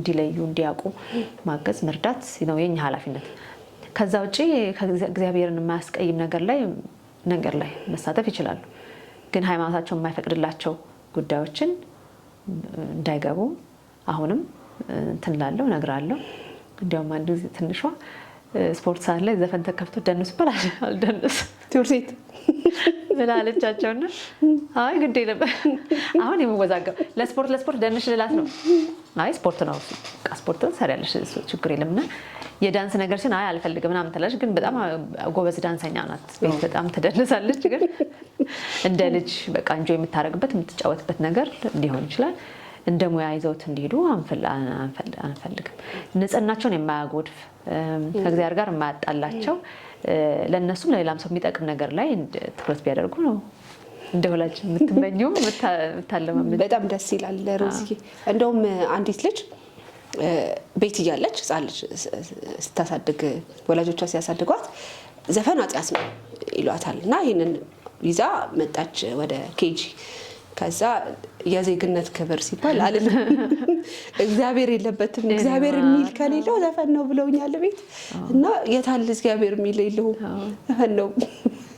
እንዲለዩ እንዲያውቁ ማገዝ መርዳት ነው የኛ ኃላፊነት። ከዛ ውጭ እግዚአብሔርን የማያስቀይም ነገር ላይ ነገር ላይ መሳተፍ ይችላሉ። ግን ሃይማኖታቸው የማይፈቅድላቸው ጉዳዮችን እንዳይገቡ አሁንም እንትን እላለሁ እነግራለሁ። እንዲያውም አንድ ጊዜ ትንሿ ስፖርት ሰዓት ላይ ዘፈን ተከፍቶ ደንሱ ብላል አልደንስ ትርሴት ብላለቻቸውና አይ ግዴ ነበር አሁን የምወዛገብ ለስፖርት ለስፖርት ደንሽ ልላት ነው አይ ስፖርት ነው ስፖርትን ሰሪያለሽ ችግር የለም እና የዳንስ ነገር ሲሆን አይ አልፈልግም ምናምን ትላለች። ግን በጣም ጎበዝ ዳንሰኛ ናት። ቤት በጣም ትደንሳለች። ግን እንደ ልጅ በቃ እንጆ የምታደርግበት የምትጫወትበት ነገር ሊሆን ይችላል። እንደ ሙያ ይዘውት እንዲሄዱ አንፈልግም። ንጽህናቸውን የማያጎድፍ ከእግዚአብሔር ጋር የማያጣላቸው ለእነሱም ለሌላም ሰው የሚጠቅም ነገር ላይ ትኩረት ቢያደርጉ ነው እንደ ሁላችን የምትመኘው በጣም ደስ ይላል። እንደውም አንዲት ልጅ ቤት እያለች ህፃን ልጅ ስታሳድግ ወላጆቿ ሲያሳድጓት ዘፈን አጽያት ነው ይሏታል እና ይህንን ይዛ መጣች ወደ ኬጂ ከዛ የዜግነት ክብር ሲባል አለ እግዚአብሔር የለበትም እግዚአብሔር የሚል ከሌለው ዘፈን ነው ብለውኛል ቤት እና የታል እግዚአብሔር የሚል የለውም ዘፈን ነው